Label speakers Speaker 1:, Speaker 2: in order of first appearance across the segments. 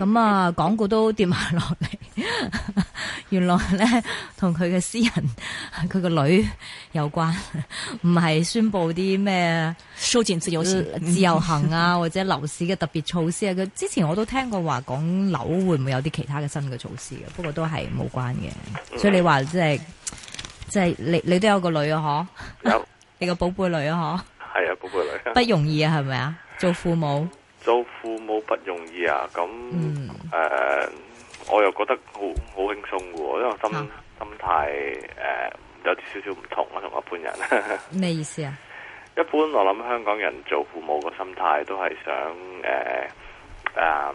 Speaker 1: 咁啊，廣告都掂埋落嚟，原來咧同佢嘅私人，佢個女有關，唔係宣布啲咩收錢自由自由行啊，或者樓市嘅特別措施啊。佢、嗯、 之前我都聽過話講樓會唔會有啲其他嘅新嘅措施嘅，不過都係冇關嘅。嗯、所以你話即係即係你你都有個女啊，嗬？你個寶貝女啊，嗬？係啊，寶貝女。不容易啊，係咪啊？做父母。
Speaker 2: 做父母不容易啊！咁誒、嗯呃，我又覺得好好輕鬆嘅，因為心、啊、心態誒、呃、有啲少少唔同啊。同一般人。咩意思啊？一般我諗香港人做父母個心態都係想誒誒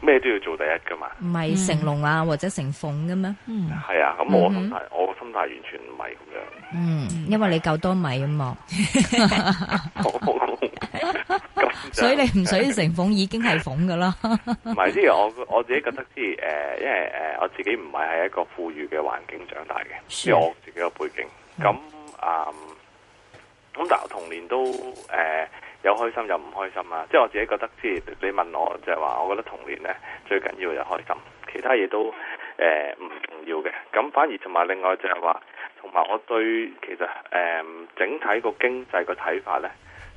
Speaker 2: 咩都要做第一噶嘛。唔係成龍
Speaker 1: 啊，或者成鳳嘅咩？嗯，係啊。咁我心
Speaker 2: 態，嗯、哼我個心態完全唔係咁樣。
Speaker 1: 嗯，因為你夠多米啊嘛。 我
Speaker 2: 就所以你唔使
Speaker 1: 成鳳，已經係鳳噶啦。
Speaker 2: 唔係，即係我我自己覺得，即係誒，因為誒、呃，我自己唔係喺一個富裕嘅環境長大嘅，即係我自己個背景。咁啊的，咁、嗯嗯、但係我童年都誒、呃、有開心有唔開心啊。即係我自己覺得，即係你問我就係話，我覺得童年咧最緊要就開心，其他嘢都誒唔、呃、重要嘅。咁反而同埋另外就係話，同埋我對其實誒、呃、整體個經濟個睇法咧。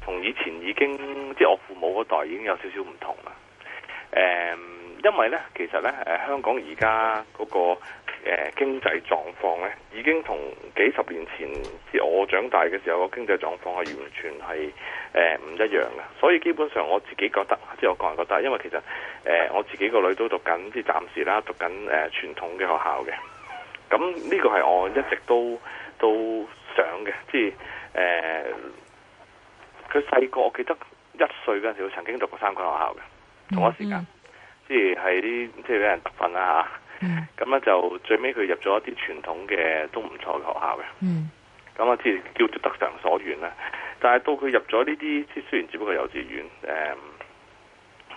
Speaker 2: 同以前已經即係我父母嗰代已經有少少唔同啦。誒、嗯，因為呢，其實呢，香港而家嗰個誒、呃、經濟狀況呢，已經同幾十年前即係我長大嘅時候個經濟狀況係完全係誒唔一樣嘅。所以基本上我自己覺得，即係我個人覺得，因為其實誒、呃、我自己個女都讀緊，即係暫時啦，讀緊誒、呃、傳統嘅學校嘅。咁呢個係我一直都都想嘅，即、呃佢細個我記得一歲嗰陣時候，曾經讀過三間學校嘅同一時間，即係啲即係俾人特訓啦吓，咁咧、mm hmm. 就最尾佢入咗一啲傳統嘅都唔錯嘅學校嘅，咁啊即係叫做得償所願啦。但係到佢入咗呢啲，即係雖然只不過幼稚園誒，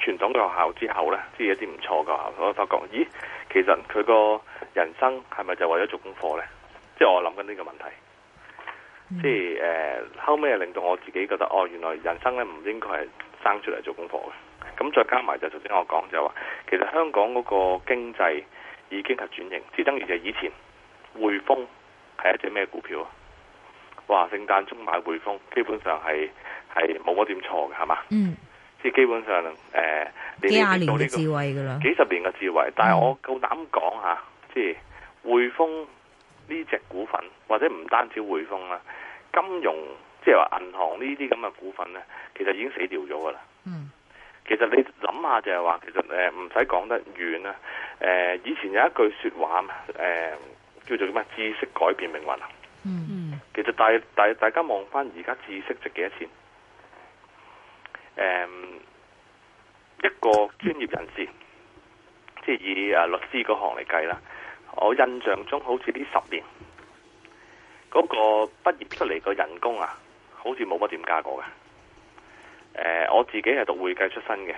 Speaker 2: 傳、嗯、統嘅學校之後咧，即係一啲唔錯嘅學校，我發覺咦，其實佢個人生係咪就為咗做功課咧？即、就、係、是、我諗緊呢個問題。即係誒，嗯、後尾令到我自己覺得哦，原來人生咧唔應該係生出嚟做功課嘅。咁再加埋就頭先我講就話，其實香港嗰個經濟已經係轉型，即係等於就係以前匯豐係一隻咩股票啊？哇！聖誕中買匯豐，基本上係係冇乜點錯嘅，係嘛？嗯。
Speaker 1: 即
Speaker 2: 係基本上誒，幾廿年嘅智慧噶啦，幾十年嘅智,、嗯、智慧。但係我夠膽講吓，即係匯豐。呢隻股份或者唔單止匯豐啦，金融即係話銀行呢啲咁嘅股份咧，其實已經死掉咗噶啦。嗯，其想想，其實你諗下就係話，其實誒唔使講得遠啦。誒，以前有一句說話。誒、呃、叫做咩知識改變命運。嗯嗯。其實大大大家望翻而家知識值幾多錢？誒、嗯，一個專業人士，即係以誒律師嗰行嚟計啦。我印象中，好似呢十年嗰個畢業出嚟個人工啊，好似冇乜點加過嘅。誒、呃，我自己係讀會計出身嘅，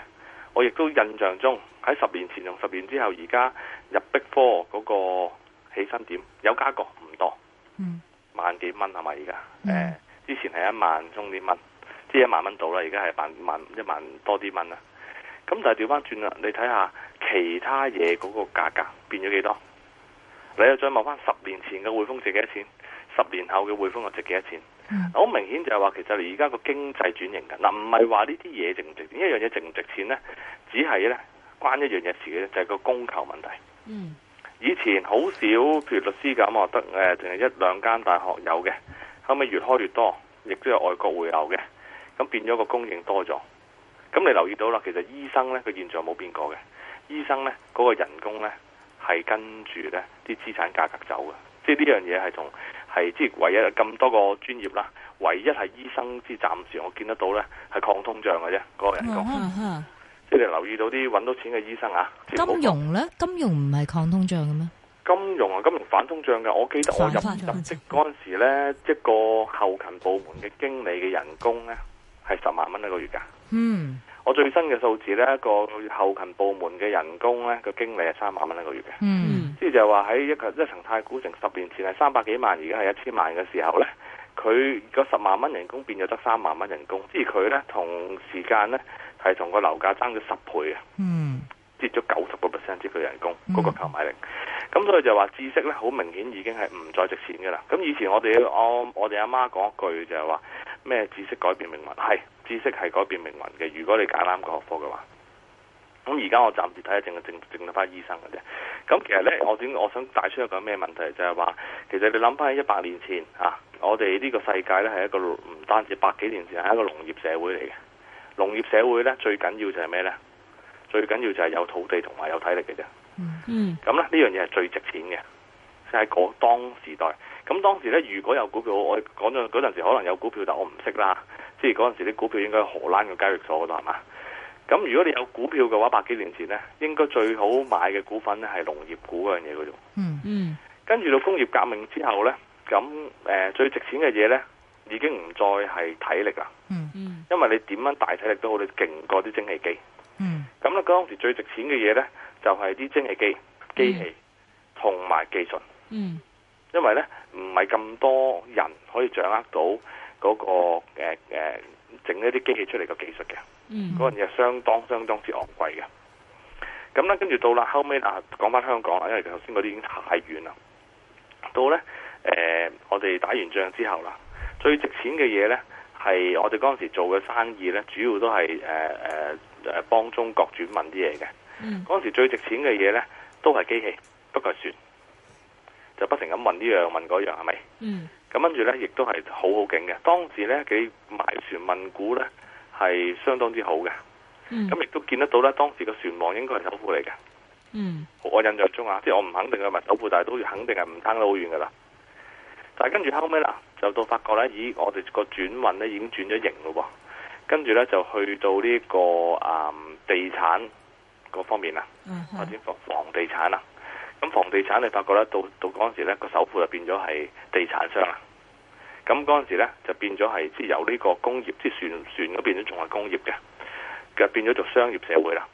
Speaker 2: 我亦都印象中喺十年前同十年之後，而家入逼科嗰個起薪點有加過，唔多。嗯，萬幾蚊係咪？而家誒，之前係一萬中幾蚊，即係一萬蚊到啦。而家係萬萬一萬多啲蚊啦。咁但係調翻轉啦，你睇下其他嘢嗰個價格變咗幾多？你又再問翻十年前嘅匯豐值幾多錢？十年後嘅匯豐又值幾多錢？好、嗯嗯嗯、明顯就係話，其實你而家個經濟轉型嘅，嗱唔係話呢啲嘢值唔值錢，一樣嘢值唔值錢呢？只係呢，關一樣嘢事嘅，就係、是、個供求問題。嗯嗯嗯以前好少，譬如律師咁，我得誒，淨係一兩間大學有嘅，後尾越開越多，亦都有外國回流嘅，咁變咗個供應多咗。咁你留意到啦，其實醫生呢，個現狀冇變過嘅，醫生呢，嗰、那個人工呢。係跟住呢啲資產價格走嘅，即係呢樣嘢係同係即係唯一咁多個專業啦。唯一係醫生，即係暫時我見得到呢係抗通脹嘅啫，嗰個人講。嗯
Speaker 1: 嗯
Speaker 2: 嗯嗯、即你留意到啲揾到錢嘅醫生啊。金
Speaker 1: 融呢？金融唔係抗通脹嘅咩？
Speaker 2: 金融啊，金融反通脹嘅。我記得我入入職嗰陣時呢，一個後勤部門嘅經理嘅人工呢，係十萬蚊一個月價。嗯，我最新嘅數字呢，一個後勤部門嘅人工呢，個經理係三萬蚊一個月嘅。嗯，即係就係話喺一個一層太古城十年前係三百幾萬，而家係一千萬嘅時候呢，佢個十萬蚊人工變咗得三萬蚊人工，即係佢呢，同時間呢，係同個樓價差咗十倍啊！嗯，跌咗九十個 percent，跌佢人工，嗰、嗰個購買力。咁、嗯、所以就話知識呢，好明顯已經係唔再值錢嘅啦。咁以前我哋我我哋阿媽講一句就係話咩？什麼知識改變命運係。知識係改變命運嘅。如果你揀啱個學科嘅話，咁而家我暫時睇下淨淨淨得翻醫生嘅啫。咁其實咧，我點我想帶出一個咩問題？就係話，其實你諗翻喺一百年前啊，我哋呢個世界咧係一個唔單止百幾年前係一個農業社會嚟嘅。農業社會咧最緊要就係咩咧？最緊要就係有土地同埋有體力嘅啫。嗯。咁咧呢樣嘢係最值錢嘅，即係嗰當時代。咁當時咧如果有股票，我講咗嗰陣時可能有股票，但我唔識啦。即係嗰陣時啲股票應該係荷蘭嘅交易所嗰度係嘛？咁如果你有股票嘅話，百幾年前呢應該最好買嘅股份咧係農業股嗰樣嘢嗰種。嗯嗯。跟住到工業革命之後呢，咁誒、呃、最值錢嘅嘢呢已經唔再係體力啦、嗯。嗯嗯。因為你點樣大體力都好，你勁過啲蒸汽機。嗯。咁咧嗰陣時最值錢嘅嘢呢，就係啲蒸汽機、機器同埋、嗯、技術。嗯。因為呢唔係咁多人可以掌握到。嗰、那個誒整、呃、一啲機器出嚟嘅技術嘅，嗰樣嘢相當相當之昂貴嘅。咁咧跟住到啦，後尾啊講翻香港啦，因為頭先嗰啲已經太遠啦。到咧、呃、我哋打完仗之後啦，最值錢嘅嘢咧係我哋嗰陣時做嘅生意咧，主要都係、呃、幫中國轉問啲嘢嘅。嗰陣、
Speaker 3: mm
Speaker 2: hmm. 時最值錢嘅嘢咧都係機器，不過係船就不停咁問呢、這、樣、個、問嗰樣係咪？是咁跟住咧，亦都係好好勁嘅。當時咧，佢埋船問股咧，係相當之好嘅。咁亦、mm. 都見得到咧，當時個船王應該係首富嚟嘅。
Speaker 3: 嗯。
Speaker 2: 我印象中啊，即係我唔肯定佢咪首富，但係都肯定係唔差得好遠噶啦。但係跟住後尾啦，就到發覺咧，咦？我哋個轉運咧已經轉咗型咯喎。跟住咧就去到呢、呢個啊地產嗰方面啦，發展、uh huh. 房地產啦。咁房地產你發覺咧，到到嗰陣時咧，個首富就變咗係地產商啦。咁嗰陣時咧，就變咗係即係由呢個工業，即係船船嗰邊都仲係工業嘅，就變咗做商業社會啦。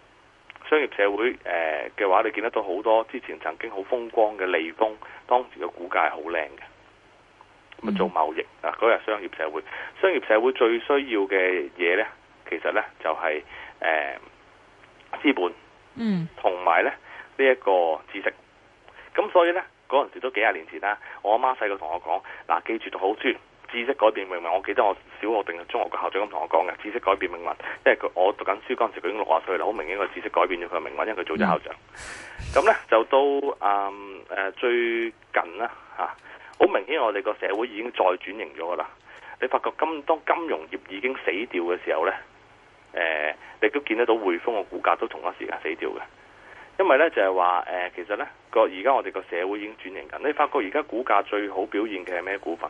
Speaker 2: 商業社會誒嘅話，你見得到好多之前曾經好風光嘅利豐，當時嘅股價係好靚嘅。
Speaker 3: 咁做
Speaker 2: 貿易嗱，嗰日商業社會，商業社會最需要嘅嘢咧，其實咧就係誒資本，
Speaker 3: 嗯，
Speaker 2: 同埋咧呢一個知識。咁所以呢，嗰陣時都幾廿年前啦。我阿媽細個同我講：嗱、啊，記住讀好書，知識改變命運。我記得我小學定係中學嘅校長咁同我講嘅，知識改變命運。因為佢我讀緊書嗰陣時，佢已經六十歲啦，好明顯個知識改變咗佢嘅命運，因為佢做咗校長。咁、嗯、呢，就都誒、嗯呃、最近啦吓、好、啊、明顯我哋個社會已經再轉型咗啦。你發覺金當金融業已經死掉嘅時候呢、呃，你都見得到匯豐嘅股價都同一時間死掉嘅。因為咧就係話誒，其實咧個而家我哋個社會已經轉型緊。你發覺而家股價最好表現嘅係咩股份？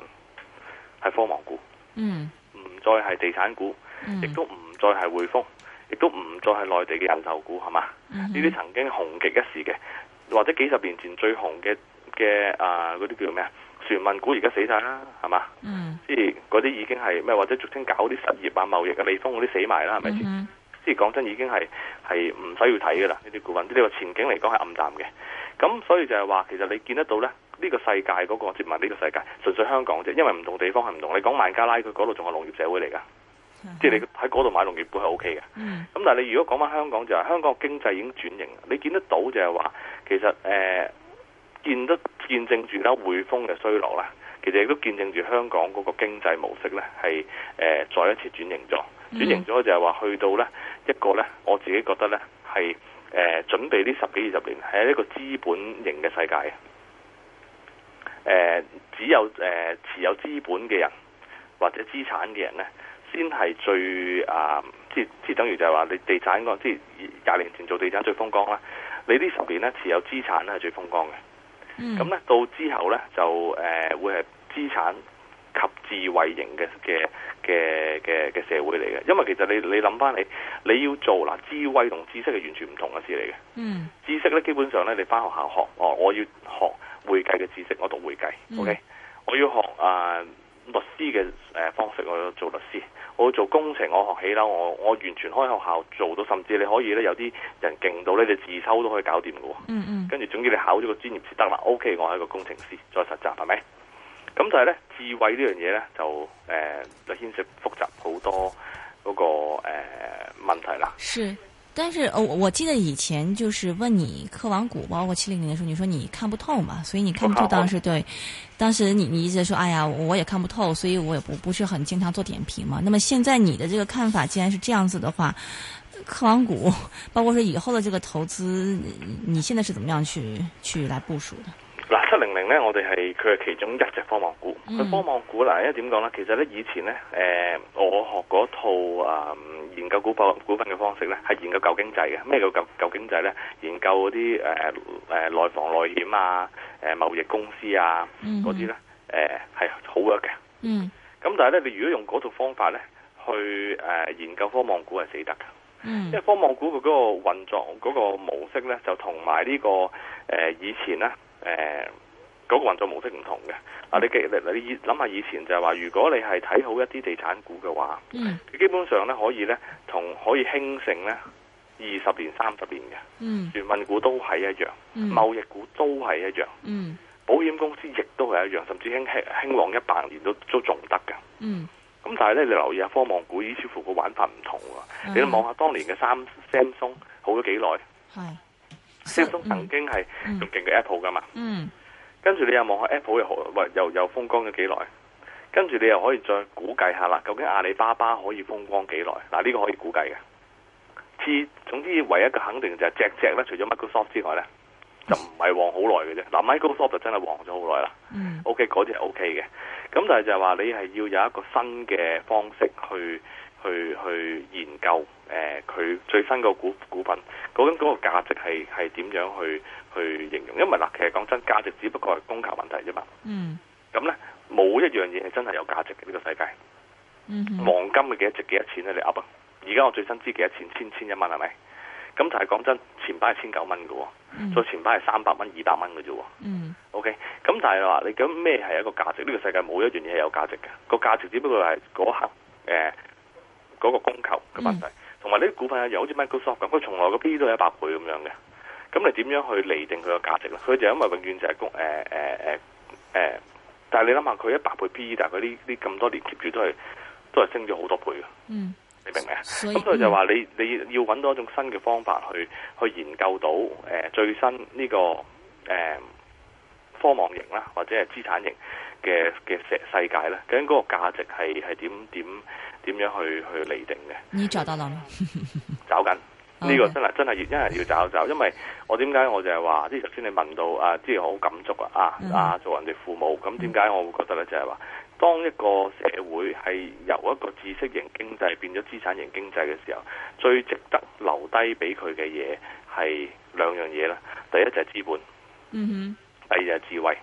Speaker 2: 係科網股，
Speaker 3: 嗯，唔
Speaker 2: 再係地產股，
Speaker 3: 嗯，亦都唔
Speaker 2: 再係匯豐，亦都唔再係內地嘅人壽股，係嘛？
Speaker 3: 呢啲、嗯、哼 曾
Speaker 2: 經紅極一時嘅，或者幾十年前最紅嘅嘅啊，嗰啲叫做咩啊？船運股而家死晒啦，係嘛？嗯，即係嗰啲已經係咩？或者俗稱搞啲實業啊、貿易嘅利豐嗰啲死埋啦，係咪先？嗯即係講真，已經係係唔使要睇嘅啦，呢啲股份。即係話前景嚟講係暗淡嘅。咁所以就係話，其實你見得到咧，呢、這個世界嗰、那個殖民呢個世界，純粹香港啫。因為唔同地方係唔同。你講曼加拉克，佢嗰度仲係農業社會嚟噶，嗯、
Speaker 3: 即係你
Speaker 2: 喺嗰度買農業股係 OK 嘅。咁、嗯、但係你如果講翻香港就係、是，香港的經濟已經轉型。你見得到就係話，其實誒、呃、見得見證住啦，匯豐嘅衰落啦，其實亦都見證住香港嗰個經濟模式咧係誒再一次轉型咗。轉型咗就係話去到呢一個呢，我自己覺得呢係誒準備呢十幾二十年係一個資本型嘅世界嘅。誒只有誒持有資本嘅人或者資產嘅人呢，先係最啊，即係即係等於就係話你地產嗰即係廿年前做地產最風光啦。你呢十年呢，持有資產呢係最風光嘅。咁呢到之後呢，就誒會係資產。智慧型嘅嘅嘅嘅嘅社會嚟嘅，因為其實你你諗翻你你要做，嗱，智慧同知識係完全唔同嘅事嚟嘅。嗯，mm. 知識咧基本上咧，你翻學校學哦，我要學會計嘅知識，我讀會計、mm.，OK，我要學啊、呃、律師嘅誒、呃、方式，我要做律師，我要做工程，我學起樓，我我完全開學校做到，甚至你可以咧有啲人勁到咧，你自修都可以搞掂嘅喎。嗯嗯，mm hmm. 跟住總之你考咗個專業先得啦，OK，我係一個工程師，再實習係咪？是。咁但係咧，智慧呢樣嘢咧就誒，就牽、呃、涉複雜好多嗰、那個誒、呃、問
Speaker 4: 題啦。是，但是我我記得以前就是問你科網股包括七零零的時候，你說你看不透嘛，所以你看不透當時透對，當時你你一直說，哎呀我，我也看不透，所以我也不不是很經常做點評嘛。那麼現在你的這個看法既然是這樣子的話，科網股包括說以後的這個投資，你現在是怎麼樣去去來部署的？
Speaker 2: 七零零咧，我哋係佢嘅其中一隻科網股。嗯、科網股嗱，因為點講咧？其實咧，以前咧，誒、呃，我學嗰套啊、嗯，研究股股，股份嘅方式咧，係研究舊經濟嘅。咩叫舊舊經濟咧？研究嗰啲誒誒，內、呃呃、房內險啊，誒、呃，貿易公司啊，
Speaker 3: 嗰啲咧，
Speaker 2: 誒，係好弱嘅。嗯。咁、呃嗯、但係咧，你如果用嗰套方法咧，去誒、呃、研究科網股係死得㗎。嗯。因為科網股佢嗰個運作嗰、那個模式咧，就同埋呢個誒、呃、以前咧。誒，嗰、呃那個運作模式唔同嘅。嗱、啊，你記你諗下以前就係話，如果你係睇好一啲地產股嘅話，嗯、基本上咧可以咧同可以興盛咧二十年三十年嘅，聯運、嗯、股都係一樣，貿、嗯、易股都係一樣，嗯、保險公司亦都係一樣，甚至興興旺一百年都都仲得嘅。咁、嗯、但係咧，你留意一下科網股，似乎個玩法唔同。的你都望下當年嘅三 Samsung 好咗幾耐？f a、so, 嗯嗯嗯、曾經係用勁嘅 Apple 噶嘛？跟住你又望去 Apple 又好？又又風光咗幾耐？跟住你又可以再估計一下啦，究竟阿里巴巴可以風光幾耐？嗱、啊、呢、這個可以估計嘅。之總之，唯一嘅肯定就係、是、隻隻咧，除咗 Microsoft 之外咧，就唔係旺好耐嘅啫。嗱、啊、Microsoft 就真係旺咗好耐啦。
Speaker 3: 嗯、OK，
Speaker 2: 嗰啲係 OK 嘅。咁但係就係話，你係要有一個新嘅方式去去去研究。誒，佢、呃、最新個股股份究竟嗰個價值係係點樣去去形容？因為嗱，其實講真，價值只不過係供求問題啫嘛。嗯。咁咧，冇一樣嘢係真係有價值嘅呢、這個世界。
Speaker 3: 嗯哼。黃
Speaker 2: 金嘅幾值幾多錢咧？你噏啊！而家我最新知幾多錢？千千一萬係咪？咁就係講真，前排係千九蚊嘅，再前排係三百蚊，二百蚊嘅啫。嗯。O K，咁但係話你講咩係一個價值？呢、這個世界冇一樣嘢係有價值嘅，個價值只不過係嗰刻誒嗰個供求嘅問題。嗯同埋呢啲股份又好似 Microsoft 咁，佢從來個 P E 都係一百倍咁樣嘅，咁你點樣去厘定佢個價值咧？佢就因為永遠就係供誒誒誒誒，但係你諗下佢一百倍 P E，但係佢呢呢咁多年 keep 住都係都係升咗好多倍嘅，嗯，你明唔明啊？
Speaker 3: 咁所，以所以就話你
Speaker 2: 你要揾到一種新嘅方法去去研究到誒、呃、最新呢、這個誒、呃、科網型啦，或者係資產型嘅嘅石世界咧，究竟嗰個價值係係點點？點樣去去厘定嘅？
Speaker 4: 你在度諗？
Speaker 2: 找緊緊呢 Okay. 個真係真係係要，要找找，因為我點解我就係話呢？頭先你問到啊，即係好感觸啊啊！Mm hmm. 做人哋父母咁點解我會覺得咧？Mm hmm. 就係話，當一個社會係由一個知識型經濟變咗資產型經濟嘅時候，最值得留低俾佢嘅嘢係兩樣嘢啦。第一就係資本，嗯
Speaker 3: 哼、mm，hmm.
Speaker 2: 第二就係智慧。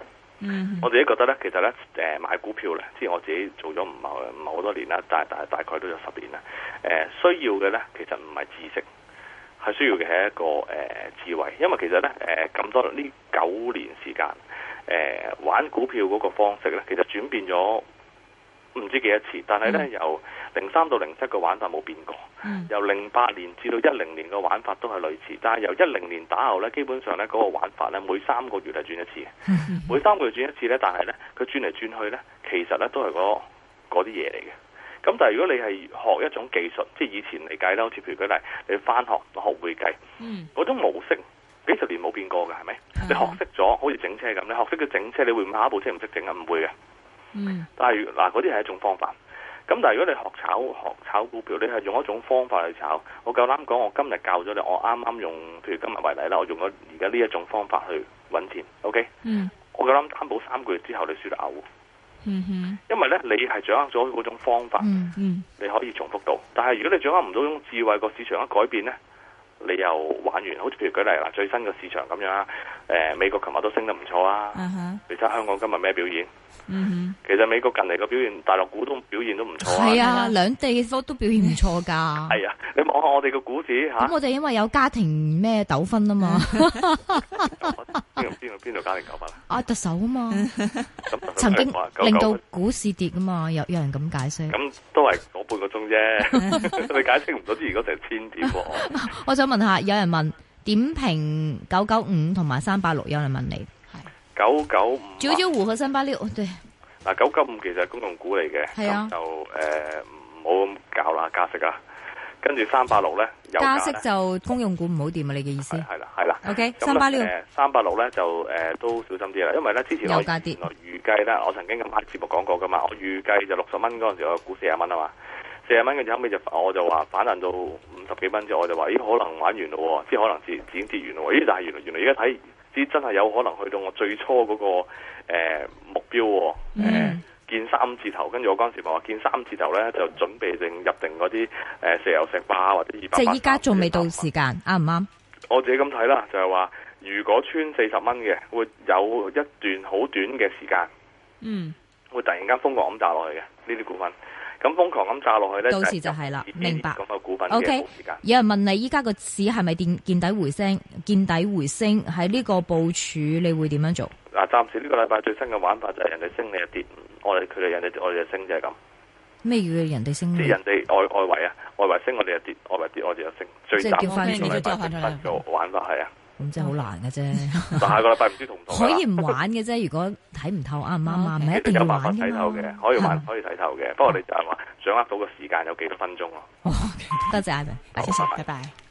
Speaker 2: 我自己覺得咧，其實咧，誒買股票咧，即係我自己做咗唔唔係好多年啦，但係大大大概都有十年啦。誒、呃、需要嘅咧，其實唔係知識，係需要嘅係一個誒、呃、智慧，因為其實咧，誒、呃、咁多呢九年時間，誒、呃、玩股票嗰個方式咧，其實轉變咗。唔知幾多次，但係咧、嗯、由零三到零七個玩法冇變過，嗯、由零八年至到一零年個玩法都係類似，但係由一零年打後咧，基本上咧嗰、嗰個玩法咧每三個月係轉一次，嗯嗯、每三個月轉一次咧，但係咧佢轉嚟轉去咧，其實咧都係嗰嗰啲嘢嚟嘅。咁但係如果你係學一種技術，即係以前嚟計啦，好似譬如佢例，你返學學會計，嗰、嗯、種模式幾十年冇變過㗎，係咪、嗯？你學識咗好似整車咁，你學識咗整車，你會唔會下一部車唔識整啊？唔會嘅。嗯，但係嗱，嗰啲係一種方法。咁但係如果你學炒學炒股票，你係用一種方法去炒。我夠膽講，我今日教咗你，我啱啱用，譬如今日為例啦，我用咗而家呢一種方法去搵錢。OK。
Speaker 3: 嗯，
Speaker 2: 我夠膽擔保三個月之後你輸得嘔。嗯哼。因為呢，你係掌握咗嗰種方法，嗯嗯，你可以重複到。但係如果你掌握唔到種智慧，個市場一改變呢？你又玩完？好似譬如舉例啦，最新嘅市場咁樣啦，誒、呃、美國琴日都升得唔錯啊。你睇下香港今日咩表現？Huh. 其實美國近嚟嘅表現，大陸股都表現都唔錯。係啊，uh huh. 嗎
Speaker 1: 兩地方都表現唔錯㗎。係、 哎、
Speaker 2: 啊，你望下我哋嘅股市嚇。咁
Speaker 1: 我哋因為有家庭咩糾紛啊嘛。邊
Speaker 3: 邊邊度家庭
Speaker 1: 糾紛啊？啊特首啊嘛，
Speaker 2: 曾經令到
Speaker 1: 股市跌啊嘛，有有人咁解釋。咁
Speaker 2: 都係嗰半個鐘啫， 你解釋唔到啲，如果成千點、
Speaker 1: 啊。 我想問下，有人問點評九九五同埋三八六，有人問你
Speaker 2: 九九五，
Speaker 1: 九九五個三八六，對
Speaker 2: 嗱九九五其實係公用股嚟嘅，啊、就誒唔好咁搞啦，加息啊，跟住三八六咧，呢加息就
Speaker 1: 公用股唔好掂啊，你嘅意思係啦
Speaker 2: 係啦，OK 麼三八六，三八六咧就誒、呃、都小心啲啦，因為咧之前有跌，我預計咧，我曾經咁喺節目講過噶嘛，我預計就六十蚊嗰陣時，我估四廿蚊啊嘛。四十蚊嘅，後尾就我就話反彈到五十幾蚊，之後就我就話咦，可能玩完咯，即係可能剪跌完咯，咦，但係原來原來而家睇，啲真係有可能去到我最初嗰、那個誒、呃、目標，誒、嗯呃、見三字頭，跟住我嗰陣時咪話見三字頭咧就準備定入定嗰啲誒石油石化或者二百萬。即係依
Speaker 1: 家仲未到時間，啱唔啱？
Speaker 2: 嗯、我自己咁睇啦，就係、是、話如果穿四十蚊嘅，會有一段好短嘅時間，嗯，會突然間瘋狂咁炸落去嘅呢啲股份。咁瘋狂咁炸落去咧，到時就係啦，明白。咁嘅股份 O Okay , K，有人
Speaker 1: 問你依家個市係咪見底回升？見底回升喺呢個部署，你會點樣做？
Speaker 2: 嗱，暫時呢個禮拜最新嘅玩法就係人哋升你又跌，我哋佢哋人哋我哋又升就係咁。
Speaker 1: 咩叫人哋升？即係人
Speaker 2: 哋外外圍啊、外圍啊，外圍升我哋又跌，外圍跌我哋又升，最賺短玩法就玩法係啊。
Speaker 1: 咁真係好難嘅啫。
Speaker 2: 下個禮拜唔知同唔同。可
Speaker 1: 以唔玩嘅啫， 如果睇唔透啱唔啱啊，唔係、 啊、一定有辦法睇透嘅，可以玩，嗎
Speaker 2: 可以
Speaker 3: 睇透嘅。不過我哋就係話，掌握到個時間有幾多分鐘咯。 okay,
Speaker 1: 多謝阿明， 好拜拜。
Speaker 3: 拜拜。